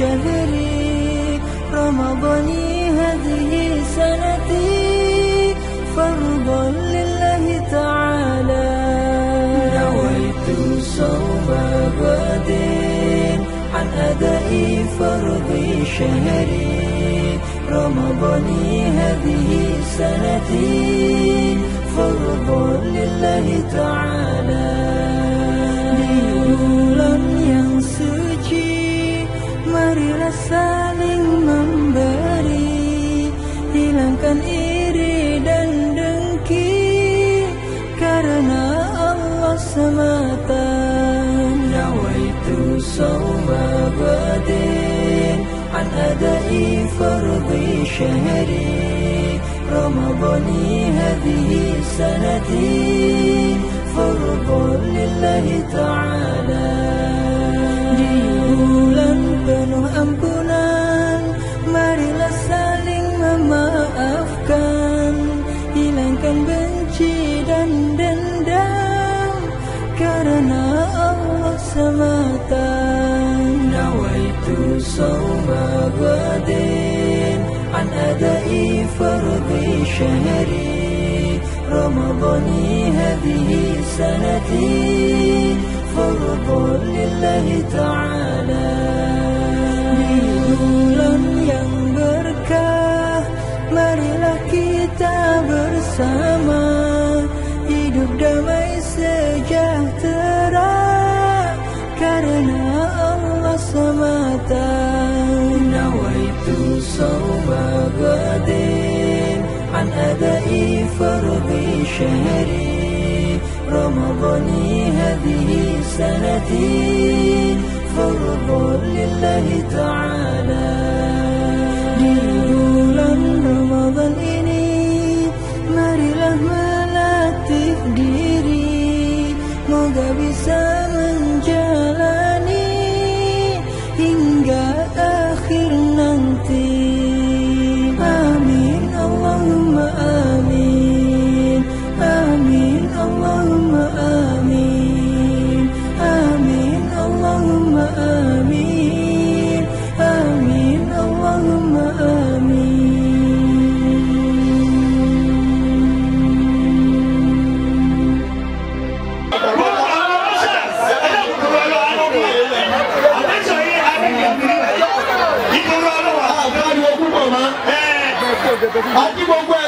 شهري رمضاني هذه سنتي فرضا لله تعالى نويت صوم غد عن أداء فرض شهري رمضاني هذه سنتي فرضا لله تعالى سماتا نويت صوم غد عن أداء فرض شهري رمضان هذه سنتي فرض لله تعالى صوم غد عن أداء فرض شهري رمضاني هذه سنتي فرض لله تعالى شهري رمضاني هذه سنتي فرض لله تعالى di bulan Ramadan ini marilah melatih diri moga bisa menjalani hingga Aqui, Bongo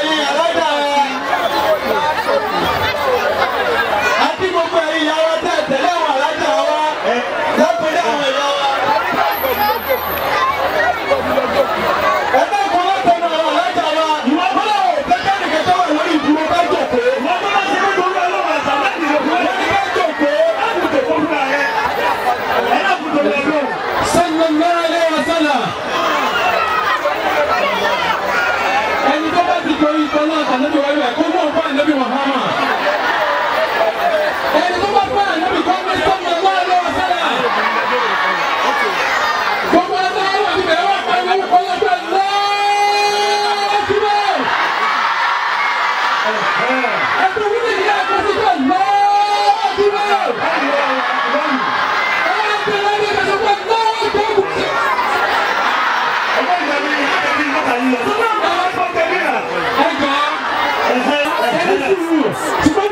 Yes.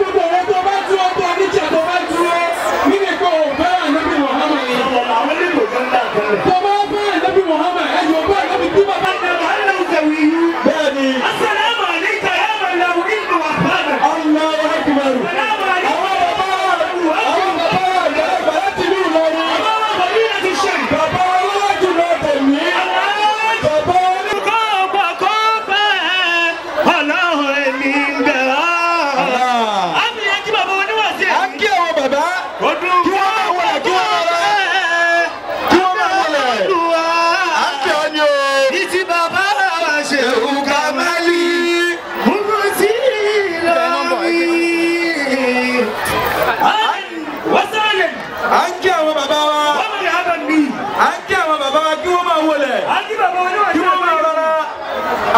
à ń kí àwọn bàbá wa. wọ́n mi yà á bẹ̀ mí. à ń kí àwọn bàbá wa kí wọ́n máa wọlé. à ń kí bàbá wa ní wàá ṣe wọ́n máa rọra.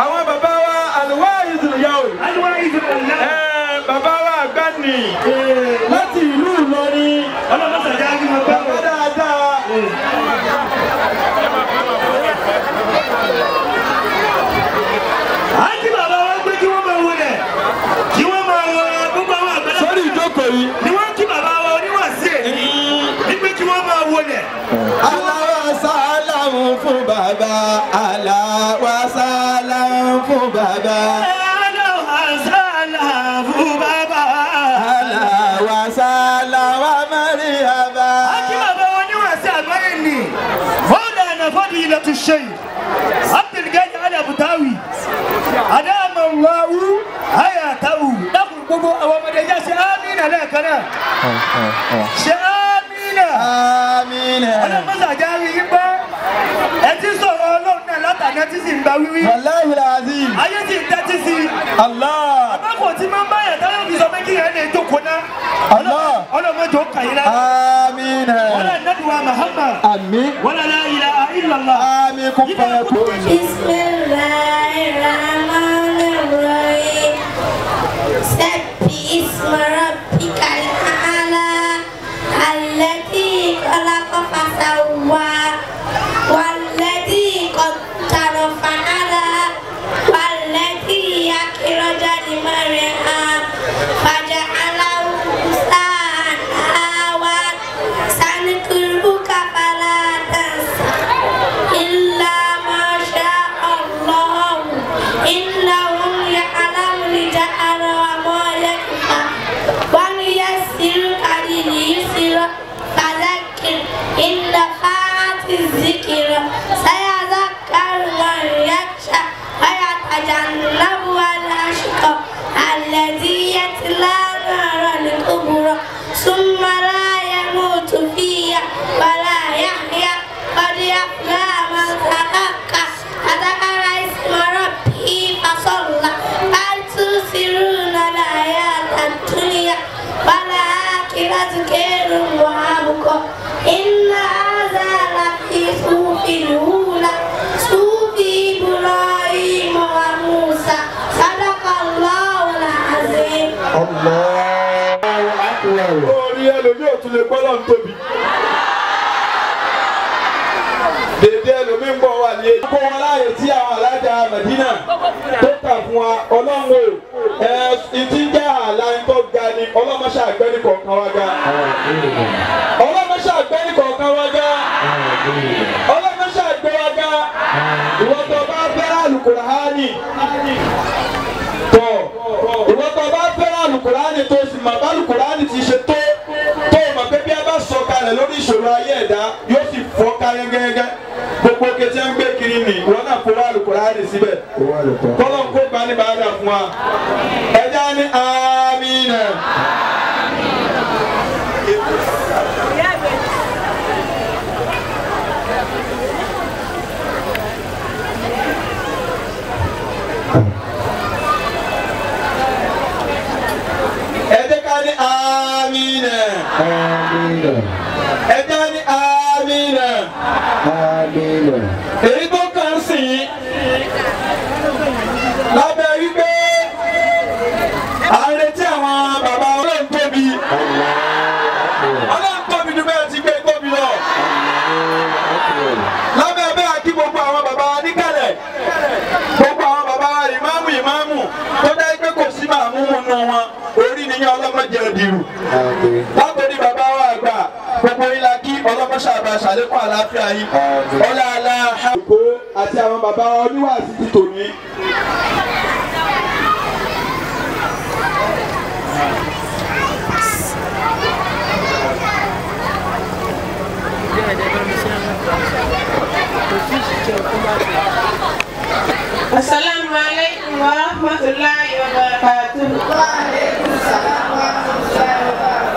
àwọn bàbá wa àlùwá ìdùnnú yà ó. àlùwá ìdùnnú yà ó. ẹ bàbá wa àgbà nì. aláwọ̀sálàmù fún bàbá aláwọ̀sálàmù fún bàbá. فضيلة الشيخ عبد القادر على أبو تاوي أدام الله حياته نقول قبوة ومن يجاس آمين لك أنا شاء sílẹ̀. àmín. ọlọ́mọ́sà já rí i pé ẹ ti sọ̀rọ̀ ọlọ́run náà látàná tí sì ń gba wíwí. wàláhì làásì. ayé ti ń tẹ́tí sí i. àlá. àbákò tí máa ń bá yàtọ̀ yóò fi sọ pé kí yẹn lè jókòó ná. àlá. ọlọ́mọdé ó kàyí náà. àmín. wàlá nàdùwà Muhammad. àmín. wàlá la ilaha illallah. àmín kò fẹ́ kó. bismillahirrahmanirrahim. step is marabbikal. sau qua ليلة كير وعبقى إن هذا لفي صوف الأولى صوف إبراهيم وموسى صدق الله العظيم الله أكبر orí ẹlòmíì ò tún lè gbọ́ lọ́n tóbi dèdè ẹlòmíì ń bọ̀ wà ní èyí. kó wọn láàyè tí àwọn alájà Mẹdínà ọlọ́run o ẹ ìdí jẹ́ àlà ńkọ́ ga ni ọlọ́mọṣẹ́ àgbẹ́ni kọ̀ọ̀kan wá ga. ọlọ́mọṣẹ́ àgbẹ́ni kọ̀ọ̀kan wá ga. ọlọ́mọṣẹ́ àgbẹ́ wá ga. ìwọ́tọ̀ bá fẹ́ràn àlùkùránì. tọ̀ ìwọ́tọ̀ bá fẹ́ràn àlùkùránì tó sì mà bá àlùkùránì ti ṣe tó tó mà pé bí a bá sọ kalẹ̀ lórí ìṣòro ayé ẹ̀dá yóò sì fọ́ kalẹ̀ gẹ́gẹ́ gbogbo kẹtẹ́ ń gbé kiri nì ìbáradà fún wa ẹja ní amínà. ni amina. Amina. Ẹ jẹ́ ni amina. Amina. jẹ́ òdìrú. látòrí bàbá wa àgbà gbogbo yín la kí ọlọ́mọṣà bá ṣàlékún àlàáfíà yín. ọlọ́ọ̀lá àkó àti àwọn bàbá wa oníwà àti ti tòní. Assalamu rahmatullahi wa barakatuh. Waalaikumsalam warahmatullahi wabarakatuh.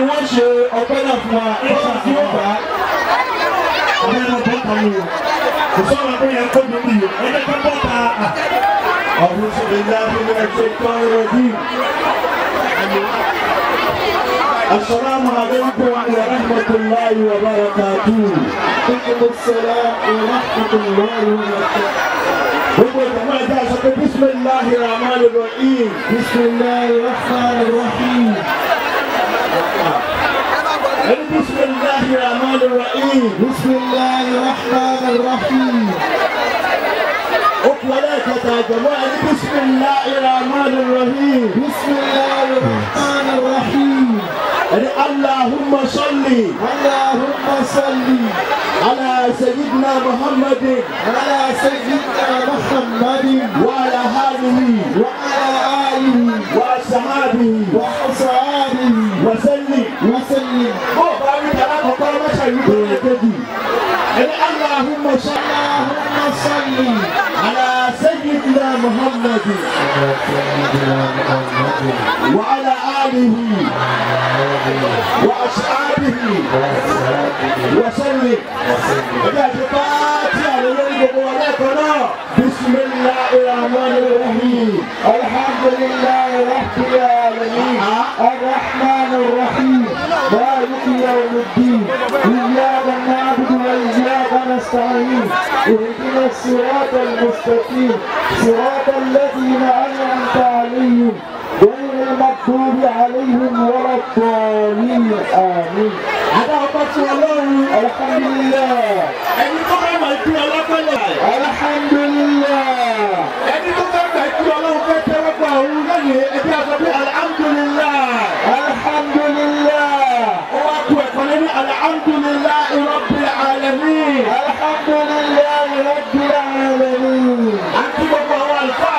ni wọ́n ṣe ọpẹ́ náà fún wa lọ́sàn tí ó gbà á. ọpẹ́ náà tó kàn mí o kò sọ ma pé yẹn kó mi bì o ẹgbẹ́ tó bọ́ ta ọ̀hún ṣe lè dá bí wọ́n ṣe tọ́ ẹrọ bí. السلام عليكم ورحمة الله وبركاته. عليكم السلام ورحمة الله وبركاته. هو جماعة بسم الله الرحمن الرحيم بسم الله الرحمن الرحيم بسم الله الرحمن الرحيم بسم الله الرحمن الرحيم أقبلت يا جماعة بسم الله الرحمن الرحيم بسم الله الرحمن الرحيم اللهم صل اللهم صل على سيدنا محمد على سيدنا محمد وعلى آله وعلى آله وأصحابه وأصحابه وسلم وسلم أن اللهم صل اللهم صل على سيدنا محمد وعلى آله وأصحابه وسلم بسم الله الرحمن الرحيم الحمد لله رب العالمين الرحمن الرحيم مالك يوم الدين اياك نعبد واياك نستعين اهدنا الصراط المستقيم صراط الذين انعمت عليهم غير المغضوب عليهم ولا الضالين امين Adá ọkọ tí ọlọ́run alhamdulilayi. Ẹni tó bá máa ju ọlọ́pẹ̀lẹ̀. Alhamdulilayi. Ẹni tó bá máa ju ọlọ́run fẹ́ tẹ́wọ́ pa òun lẹ́yìn ẹgbẹ́ àgbà bí alhamdulilayi. Alhamdulilayi. Ó wá kú ẹ̀kọ́ lẹ́ni alhamdulilayi rabbil alamin. Alhamdulilayi rabbil alamin. Àti gbogbo àwọn àlùfáà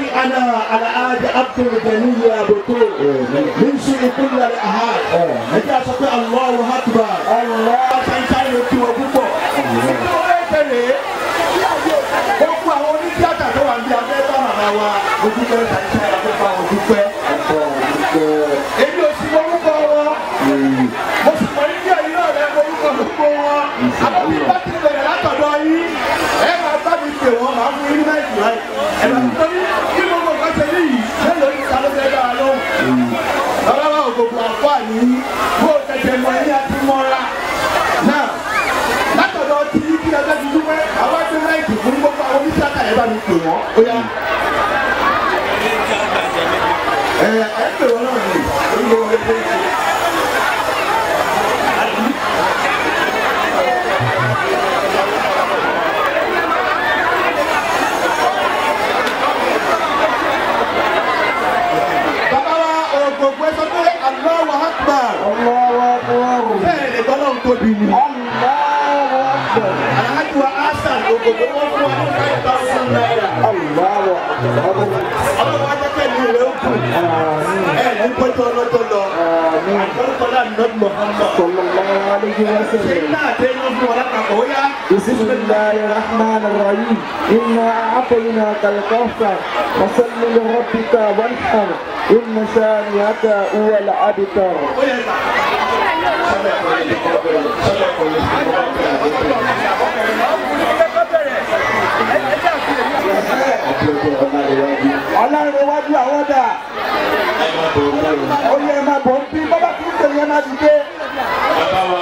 أنا الآن عبد الغني يا دكتور نمشي كل الأهالي أنت أستطيع الله أكبر الله أكبر gbogbo àwọn onítíátà tó wà ní abẹ́ bá màmá wa ojúbẹ́ ṣàṣà àgbẹ̀bá ojúbẹ́. èmi ò sì mọ́rúkọ wọn mo sì mọ̀ níbi ẹ̀yìn náà rẹ̀ mọ́rúkọ gbogbo wọn àbọ̀bí bá ti bẹ̀rẹ̀ látọ̀dọ̀ yìí ẹ máa bá mi pè wọ́n màá fún yín náà ìgbà yìí. pè wọ́n ó yá. ẹ ẹ pè wọ́n náà ní orúkọ wọn pé ṣe. gbogbo ẹ sọ pé aláwọ̀ akbar. aláwọ̀ akbar. bẹ́ẹ̀ ni gbọ́dọ̀ ń tóbi ni. aláwọ̀ akbar. aláwọ̀ akbar. aláwọ̀ akbar. ẹ ń gbọ́dọ̀ ọlọ́dọ̀lọ́ àgbọ̀dọ̀lá nọ́ọ̀dù Muhammad sallallahu alayhi wa sallam. ṣé náà dé inú fún wọn lápapọ̀ ó yá. bisimilahi rahman rahim inna a'tayna kalkawfar wasalli li rabbika wanhar inna shaniyaka huwa al-abtar. Thank you. ti dé. bàbá wa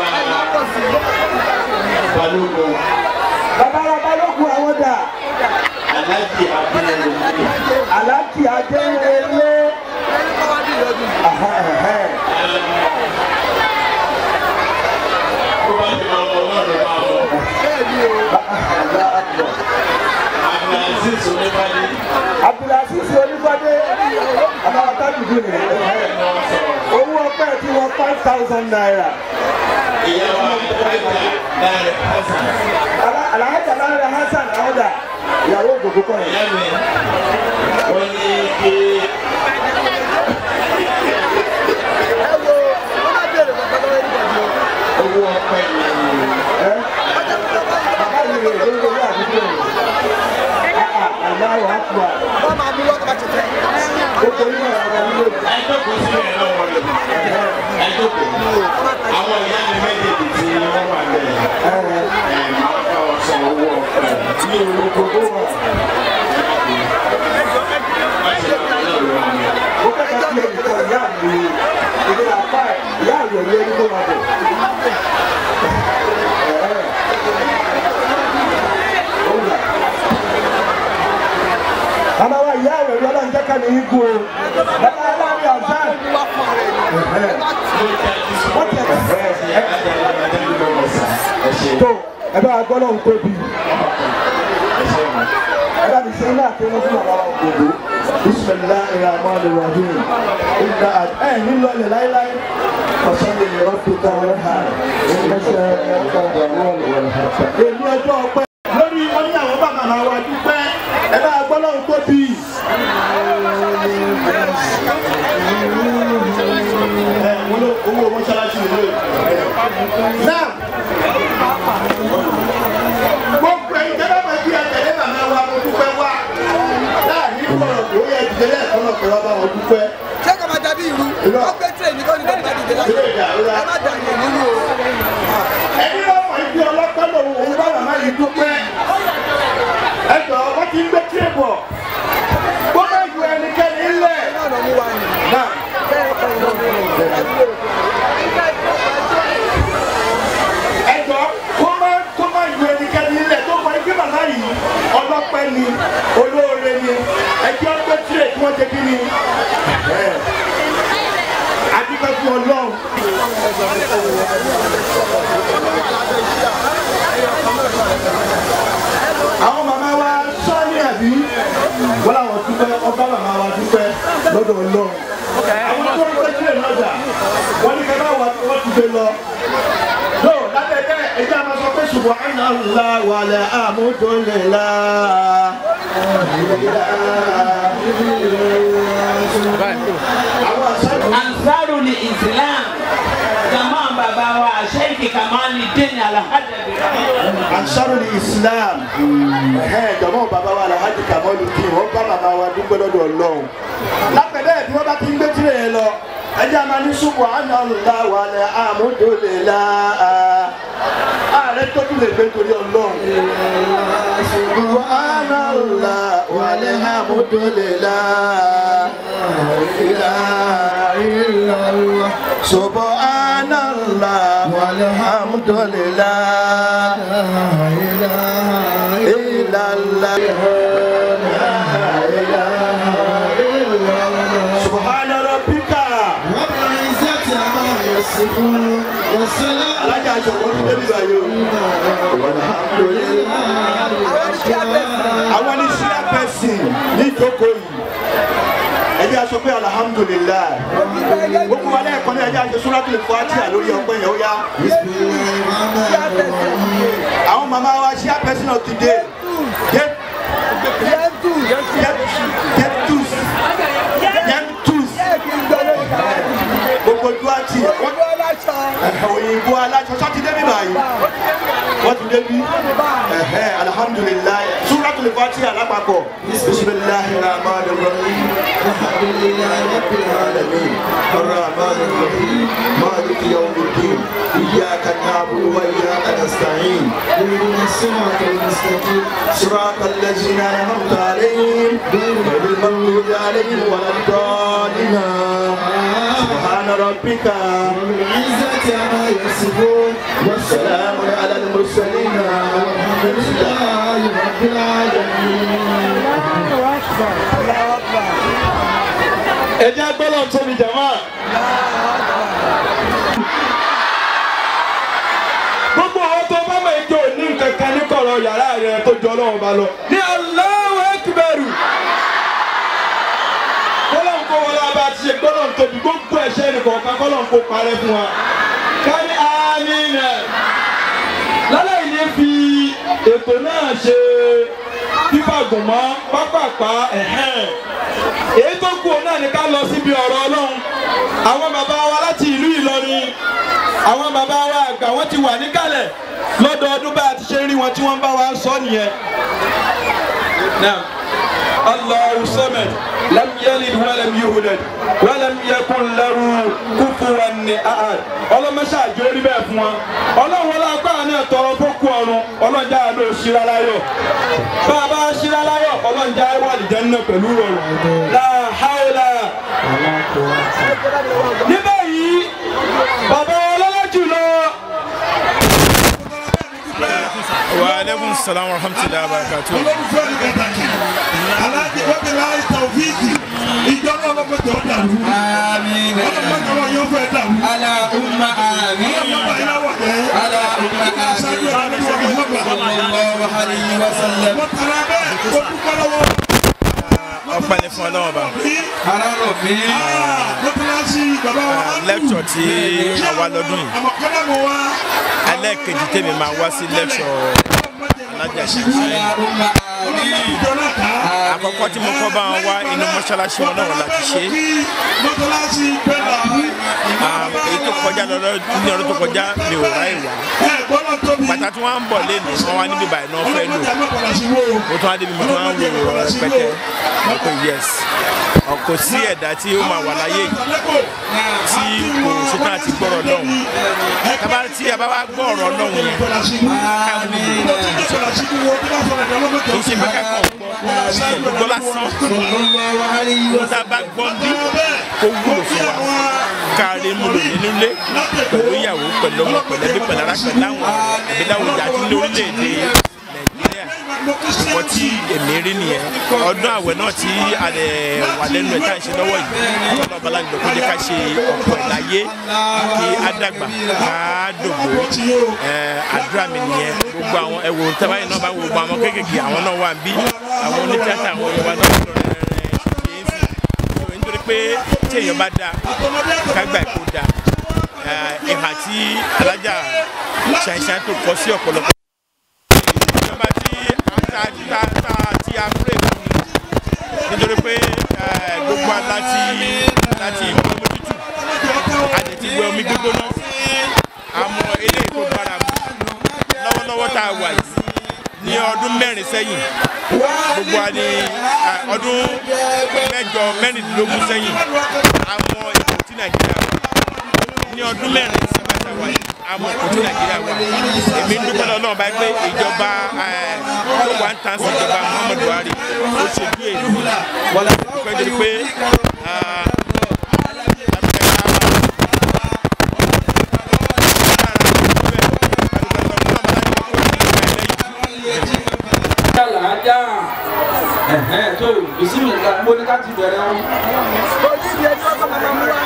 balógun. bàbá wa balógun àwọn dà. aláàjì abẹ́rẹ́. aláàjì abẹ́rẹ́ lé. tó bá ti máa lọ lọ́rùn máa lọ. Abdulaziz Onífádé. Abdulaziz Onífádé. Àbáwá tábìlì get you a 5,000 naira. Ìyàwó Alájà Láre Hassan. Alájà Láre Hassan, àwọn ọ̀dà ìyàwó ògògó kọ́ yẹn. tó ẹ bá gbọ́dọ̀ ń tóbi ẹ bá mi sẹ́yìn náà tó ń fún àwọn òdòdó bisimilahi rahman rahim ìgbà ẹ nílò ilẹ̀ láíláí ọ̀sán lè yọ̀rọ̀ tó ta wọ́n ha ẹ̀ ń bẹ́sẹ̀ ẹ̀ ń bá wọ́n wọ̀n ha. èmi ọjọ́ ọpẹ́. ẹ má dàgbé nínú o. ẹni lọ́mọ ìdí ọlọ́pàá lòun òun bá màmá yìí dúpẹ́. níwájú ọlọ́run. àwọn màmá wa sọ ní àbí wọ́n làwọn dúpẹ́ ọba màmá wa dúpẹ́ lọ́dọ̀ ọlọ́run. àwọn tó ń pẹ́ sílẹ̀ lọ́jà wọ́n ní kẹ́kẹ́ wà wọ́n ti gbé lọ ẹjẹ́ a sọ pé subhanallah wala alhamdulillah. ansaru ni islam jama baba wa sheikh kamali deni alahadabi. ansaru ni islam jama baba wa alahadi kamali deni wọn bá bàbá wa dúpẹ́ lọ́dọ̀ ọlọ́run lápẹ̀lẹ́ bí wọ́n bá ti ń gbé tirẹ̀ lọ ẹjẹ́ máa ní subhanallah wa alhamdulillah ààrẹ tó tún lè gbé torí ọlọ́run. subhanallah wa alhamdulillah ilaha illallah subhanallah wa alhamdulillah ilaha illallah. alájà àjọ wọn ti débi báyìí o. àwọn ní ṣíà pẹ̀sì ní ìjókòó yìí ẹjẹ́ aṣọ pé alhamdulillah gbogbo wa lẹ́ẹ̀kan ní ẹjẹ́ aṣọ suratul Fatiha lórí ọpẹ́ yẹn ó yá. àwọn màmá wa ṣíà pẹ̀sì náà ti dé. Get, get, get, get, get, get, get, get, òyìnbó aláṣọ sọ́tí débi báyìí wọ́n ti débi alhamdulilayi suratul fati alápapọ̀ bisimilahi rahmanu rahim alhamdulilayi rabbil alamin rahmanu rahim maliki yawmiddin iyyaka na'budu wa iyyaka nasta'in ihdina as-siratal mustaqim siratal ladzina an'amta alayhim ghayril maghdubi alayhim walad-dallin سبحان ربك رب العزة عما يصفون والسلام على المرسلين والحمد لله رب العالمين الله أكبر الله أكبر yàrá rẹ̀ tó ju ọlọ́run bá lọ. ní Allahu Akbar. kọ́lọ́n kó wọlé ti ṣe gbọ́dọ̀ ń tóbi gbogbo ẹ̀ṣẹ̀ nìkọ̀ọ̀kan kọ́lọ̀ ń kó parẹ́ fún wa. kárí àmì nà lálẹ́ ìní fi ètò náà ṣe fífàgùn mọ́ pápápá ẹ̀hẹ́n èyí tó kù náà ni ká lọ síbi ọ̀rọ̀ ọlọ́run àwọn bàbá wa láti ìlú Ìlọrin àwọn bàbá wa àgbà wọn ti wà níkàlẹ̀ lọ́dọọdún bá a ti ṣe rí wọn tí wọ́n bá wa sọ nìyẹn. الله صمد لم يلد ولم يولد ولم يكن له كفوا أحد ọlọ́mọ ṣáàjì orí bẹ́ẹ̀ fún wọn ọlọ́run ọlọ́pàá náà tọrọ fókù ọ̀run ọlọ́jà ló ṣíra láyọ̀ bá a bá ṣíra láyọ̀ ọlọ́jà wà lìjẹ́ náà pẹ̀lú rọrùn láhàlà. níbẹ̀ yìí bàbá ọlọ́lá jùlọ. wa aleykum salaam wa rahmatulahi wa barakatuh aláàjì wọ́pẹ̀ láì tàwíìkì ìjọba ọlọ́pẹ̀tẹ̀ ọ̀dà rú ọlọ́pẹ̀tẹ̀ wọn umma, fẹ́ dà umma, ọlọ́pẹ̀tẹ̀ yóò umma, jẹ́ aṣáájú umma, ọ̀gbọ̀n wọ́n tara bẹ́ẹ̀ kó dúpẹ́ lọ́wọ́ ọpẹ́ ni fún Ọlọ́run ba. arárò mi. lẹ́kṣọ̀ tí a wá lọ́dún yìí. ẹlẹ́ẹ̀kejì tèmi máa wá sí lẹ́kṣọ̀ alájà ṣe àkọ́kọ́ tí mo kọ́ bá wọn wá inú mọ́ṣáláṣí wọn náà láti ṣe èyí tó kọjá ní ọdún tó kọjá mi ò ráyè wá bàtà tí wọ́n bọ̀ lẹ́nu wọn wá níbi báyìí náà fẹ́ lò ó tún á débi mo tún á wò ó pẹ́tẹ́ mo pe yes kò sí ẹ̀dá tí ó máa wà láyé tí kò ṣetán àti gbọ́rọ̀ lọ́hùn tábà tí a bá wá gbọ́ ọ̀rọ̀ lọ́hùn yẹn káwọn ènìyàn ṣe bẹ́ẹ̀ kọ́ gbọ́ lásán tó tá a bá gbọ́ bí kó wúlò fún wa káre mu nínú ilé pẹ̀lú ìyàwó pẹ̀lú ọmọ pẹ̀lú ẹbí pẹ̀lú ara pẹ̀lú àwọn àbí láwùjọ àti ní orílẹ̀-èdè wọ́n tí èmi nìyẹn ọdún àwẹ̀ náà tí a lè wà lẹ́nu ẹ̀ta ìṣe lọ́wọ́ yìí ọlọ́run bala nìkan jẹ́ ká ṣe ọ̀pọ̀ ìláyé kí á ká dògbò àdúrà mi nìyẹn gbogbo àwọn ẹ̀wò tẹ́wáyé náà bá gbogbo àwọn kéékèèké àwọn náà wà bí àwọn onítìátà àwọn yorùbá náà lọ rẹ̀ rẹ̀ nítorí pé tí èèyàn bá dáa ká gbà kó ìhà tí alájà ṣàìṣàn tó kọ sí ọ̀pọ̀lọpọ̀ tá a wà yìí ní ọdún mẹ́rin sẹ́yìn gbogbo wa ní ọdún mẹ́jọ mẹ́rìndínlógún sẹ́yìn àwọn ipò tí nàìjíríà wà ní ọdún mẹ́rin sẹ́yìn tá a wà yìí àwọn ipò tí nàìjíríà wà èmi ń dúpẹ́ lọ́nà báyìí pé ìjọba tó wà ń tàn sí ìjọba Muhammadu Buhari ó ṣe bí èyí wọ́n ti pẹ́ ti bẹ̀rẹ̀ wọn. ojú ìdí ẹjọ́ kọ́ máa mú wa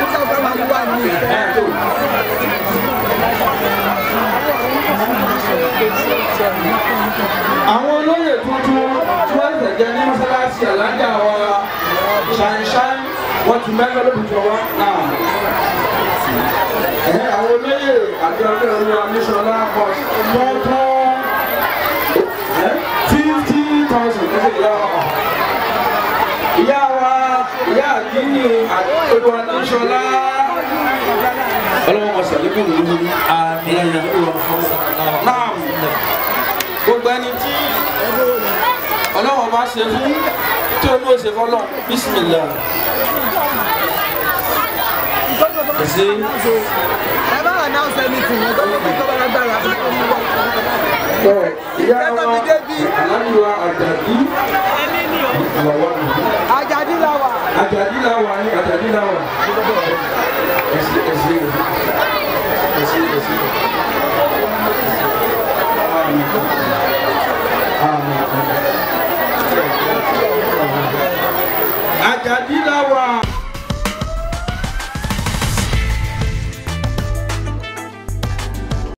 ẹjọ́ kọ́ máa mú wa ní ìfẹ́ àwọn olóyè tuntun tí wọ́n ti jẹ́ ní mọ́sálásí àlájà wa ṣàǹṣàǹ wọ́n ti mẹ́fẹ́ lóbìtì wa náà. àwọn olóyè àti ọ̀gbẹ́ olúwa níṣọ́lá kọ́ tọ́tọ́ fifty thousand ìyá wa ìyá àdínní olúwa tó ń ṣọlá ọlọ́wọ́ ọ̀sẹ̀ lẹ́kùn lórí àmì náà gbogbo ẹni tí ọlọ́wọ́ bá ṣe fún tí olú ò ṣe fọlọ́ bísímìlá kẹsí. ẹ bá wà náà sẹ́ni tì mí ọjọ́ pípẹ́ tó bá lágbára fún ọmọ wa. ìyá wa aláǹdùwà àjàdí. Ajadi la wà. Ajadi la wà ni Ajadi la